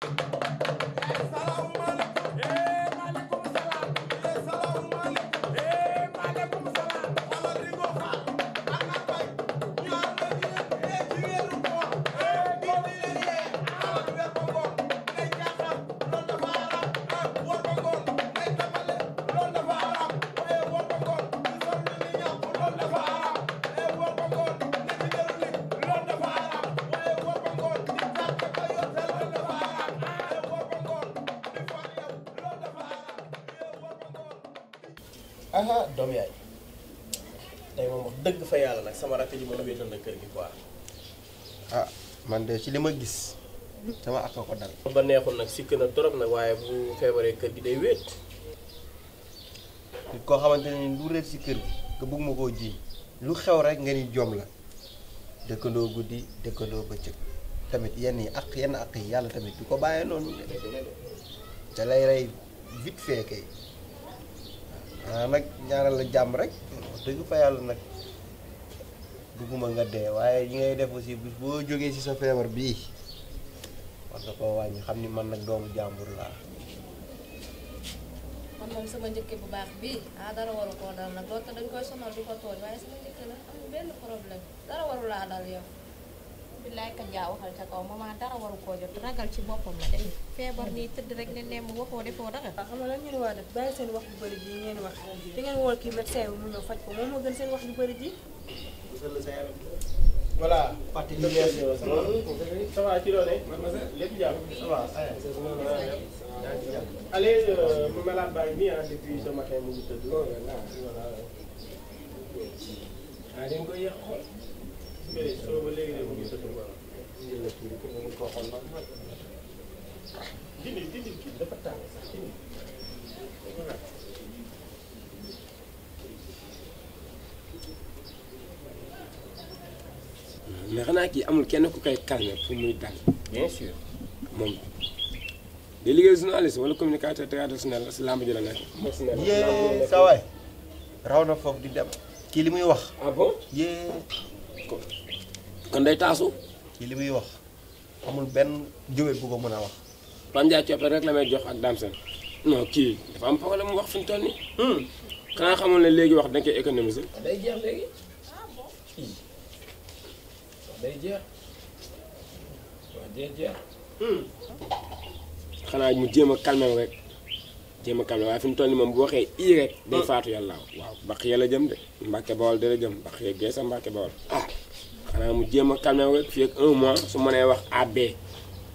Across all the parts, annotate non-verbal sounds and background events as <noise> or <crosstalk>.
Thank you aha doom yaay tey mom wax dëgg fa yalla nak sama rakk ji mo a wéetal na kër gi quoi. ah man de ci lima gis sama ak ko dal. ba neexul nak sik na torop nak waye bu feebaree kër gi day wéet. ko xamanteni xamante ne lu réer kër gi ke bëgg mako ji lu xew rek nga ni jom la dëkkandoo guddi dëkkandoo bëccëg tamit yenn yi ak yenn ak yalla tamit du ko bàyyee noonu da lay ray vite fait kay. xanaa ah, nag ñaaral la jàmm rek dëgg fa yàlla nag bëgguma nga dee waaye ñi ngay def aussi boo jógee ci sa feebar bii war nga koo wàññi xam ni man nag doomu jàmbur laa. man moom sama njëkk bu baax bii ah dara waru koo dal nag loolu dañ koy sonal di ko tooñ waaye sama njëkk nag amul benn problème dara waru dal yow. billaay ka jaa waxal ca kaw mama dara waru koo jot ragal ci boppam la def feebar nii tëdd rek ne nemm waxoo defoo dara waaw xam nga lan a def bàyyi seen wax bu bëri ji ngeen wax da ngeen wool kii médecin bi mu ñëw faj ko moom moo gën seen wax bu bëri ji voilà parti bi ngeen ça va ci doone lépp jàpp ça va allez euh, mu malade tëdd voilà ah dañ koy yàq xool mais xanaa kii amul kenn ku koy calmer pour muy dal. moom day liggéey journaliste wala communicateur traditionnel la si làmb ji la nekk. yee raw na foofu di dem kii li muy wax. Ah kon day taasu. ci li muy wax amul benn jëwet bu ko mën a wax. Pape Ndiaye coppe rek la jox ak Dame Sène kii dafa am problème mu wax fi mu toll nii. Hmm. xanaa léegi wax da koy économiser. Ah, day jeex léegi hmm. day hmm. mu jéem a calmer rek jéem a calmer waaye fi mu toll nii moom bu waxee ii day faatu yàlla waaw. waaw baq yàlla jëm de. Mbàkke Bawol dara jëm baq yeeg Geesa Mbàkke Bawol ah. xanaa mu jéem a calmé su mënee wax AB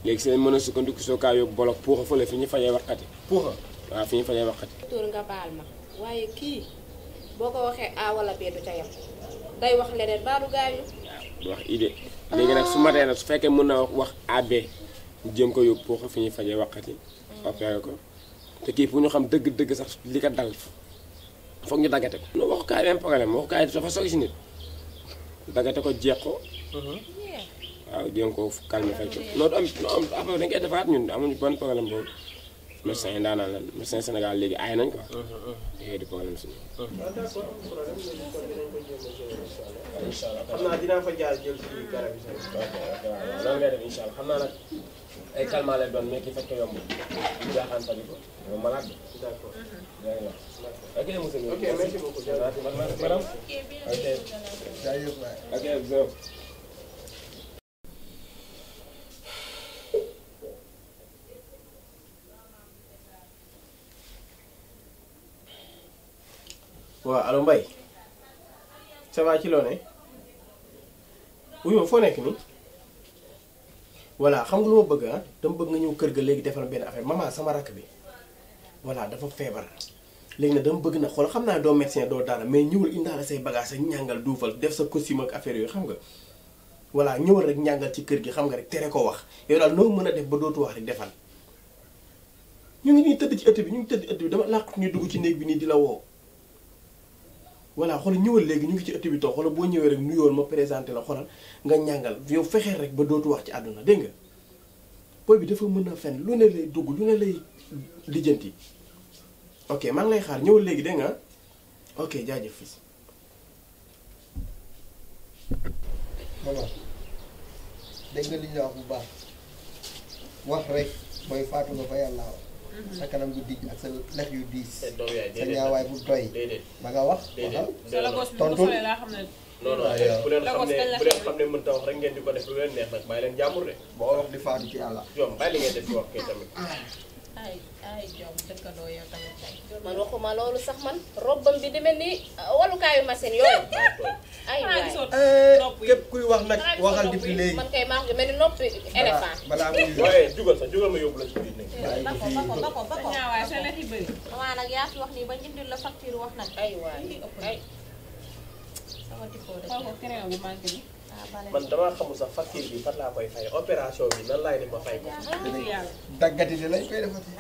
léegi si lañ mën a sukkandiku soo kaa yóbbu bolok puuxa fële fi ñu fajee waxati. puuxa waaw fi ñu fajee waxati. tur nga baal ma waaye A wala wax leneen léegi nag su matee nag su fekkee mën na wax AB ñu jéem ko yóbbu puuxa fi ñuy fajee waxati. Mm. opéré ko te kii pour ñu xam dëgg-dëgg sax li ko dal foog ñu daggate ko. waxukaay même problème waxukaay dafa sori si nit. dagate ko jeex ko. Uh-huh. waaw jéem koo calmer fay ko loolu am am affaire dañ koy defaat ñun amuñu ban problème boobu. médecin yi ndaanaan lan médecin Sénégal léegi aay nañ quoi. yooyu mm-hmm. di problème suñu. Mm-hmm. xam naa dinaa fa jaar jël ci garab yi sax. waaw noonu ngay def incha allah xam naa nag ay calmants lay doon mais ki fekk yomb ñu jaaxaan tamit ko moom malade bi. Mm-hmm. d'accord ok monsieur. ok merci beaucoup. waaw aloo mbay ça ci loo ne wuyu foo nekk nii voilà xam nga lu ma bëgg ah dama bëgg nga ñëw kër gi léegi defal benn affaire maman sama rakk bi voilà dafa feebar léegi nag dama bëgg na xool xam naa doo médecin doo dara mais ñëwal indaale say bagage ak ñàngal duufal def sa costume ak affaire yooyu xam nga voilà ñëwal rek ñàngal ci kër gi xam nga rek tere ko wax yow daal noo mën a def ba dootu wax rek defal ñu ngi nii tëdd ci ëtt bi ñu ngi tëdd ëtt bi dama ñu dugg ci néeg bi nii di la woo voilà xoolal ñëwal léegi ñu ngi ci ëtt bi toog xoolal boo ñëwee rek nuyool ma présenté la xoolal nga ñàngal yow fexeel rek ba dootu wax ci àdduna dégg nga boy bi dafa mën a dugg lu ne lay lijjanti ok maa lay xaar ñëwal léegi dégg nga ok fii. maman dégg nga li ñu wax bu baax wax rek mooy faatu nga fa yàlla Mhm. sa kanam gu dijj ak sa lex yu diis. sa ñaawaay bu doy. ba nga wax waxal. tontu non non ah, bu leen xam ne bu leen xam ne mënta wax rek ngeen di ko def lu leen neex nag bàyyi leen jàmbur de. boo wax di faatu ci yàlla. ay ay jom dëkkandoo yow man waxuma loolu sax man robbam bi demee ni uh, walukaayu machine yooyu. <laughs> ay waay eh, képp kuy wax nag waxal depuis léegi. man kay maa ngi mel ni noppi éléphant. balaa muy <laughs> waaye jugal sax jugal ma yóbbu la ci biir nekk. bako bako bako bako ñaawaay sa la ci bëri. waaw nag yaa fi wax nii ba njëndil la facture wax nag. ay waay ay. sama tikkoo man damaa xamul sax facture bi fan laa koy fay opération bi nan laay def ma fay ko. daggati de lañ koy defati.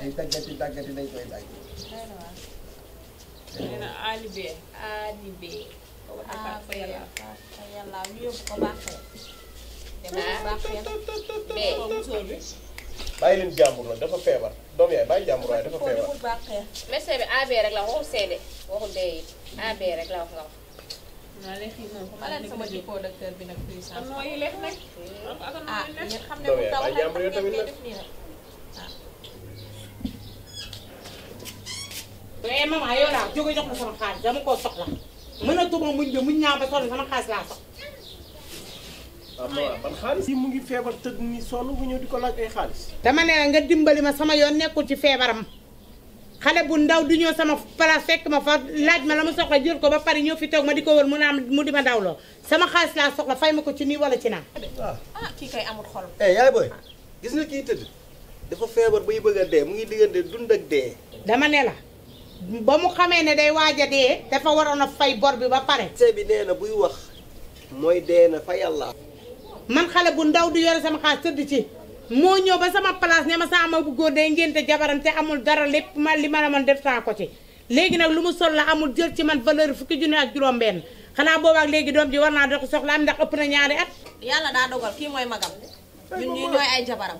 ay daggati daggati lañ koy dagg. nee na Ali B Ali ah, B. ah fa yàlla fa yàlla ñu yóbbu ko bàyyi leen jàmbur nag dafa feebar doom yaay bàyyi jàmbur waaye dafa feebar. médecin bi AB rek la waxul seede waxul dee it AB rek la wax nga wax. naa leen xiir moom xam naa sama jikko docteur bi nag puissance. mooy lekk nag. ah ñu xam ah. Eh, sama xaalis dama koo soxla mënatuma muñ ba muñ naa ba sonn sama xaalis laa soxla. Ah, mu ngi feebar tëdd ni sonn bu ñëw di ko laaj ay xaalis. dama ne la nga dimbali ma sama yoon nekkul ci feebaram xale bu ndaw di ñëw sama place fekk ma fa laaj ma la ma soxla jël ko ba pare ñëw fi toog ma di ko war mu naan mu di ma dawloo sama xaalis laa soxla fay ma ko ci nii wala ci naan. ah, ah kii kay amul xol. eh yaay booy gis nga kii tëdd dafa feebar bay bëgg a dee mu ngi diggante dund ak dee. dama ne la. ba mu xamee ne day waaj a dee dafa waroon a fay bor bi ba pare. sëñ bi na buy wax mooy dee yàlla. man xale bu ndaw du yore sama xaalis tëdd ci moo ñëw ba sama place ne ma sama bu góor day ngénte jabaram te amul dara lépp ma li ma la man def saa ko ci léegi nag lu mu sol la amul jël ci man valeur fukki junni ak juróom benn xanaa boobaak léegi doom ji war naa dox soxla am ndax ëpp na ñaari at yàlla daa dogal kii mooy magam ñun ay jabaram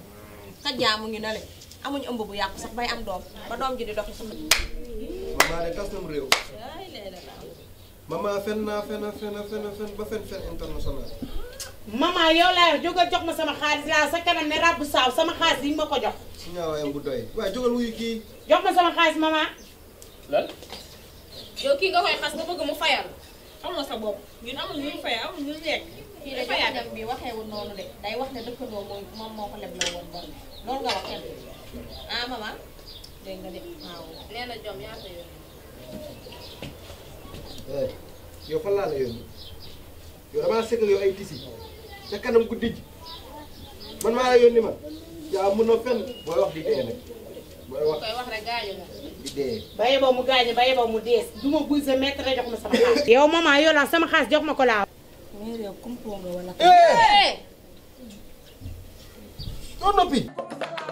xajjaa mu ngi na le amuñu ëmb bu yàqu sax bay am doom ba doom ji di dox sax maman de tas nam réew maman fen naa fen fen ba fen fen international maman yow laa jógal jox ma sama xaalis sa kanam ne ràbbu saaw sama xaalis yi ma ko jox. si ñaaw waayam bu doy waaye jógal wuyu kii. jox ma sama xaalis maman. lan. yow kii nga koy xas nga bëgg mu fayal xamuloo sa bopp ñun amul ñu fay amul ñu lekk. kii de jaajëf bi waxee wu noonu de day wax ne dëkkandoo mooy moom moo ko lebloo woon bor loolu ca kanam guddi ji man maa la yónni ma yaa mun a fenn booy wax di dee nag booy wax koy wax rek gaañu la di dee ba yeboo mu gaañu ba yeboo mu dees du ma buy jox ma sama xaas yow maman yow sama xaas jox ma ko laa mais réew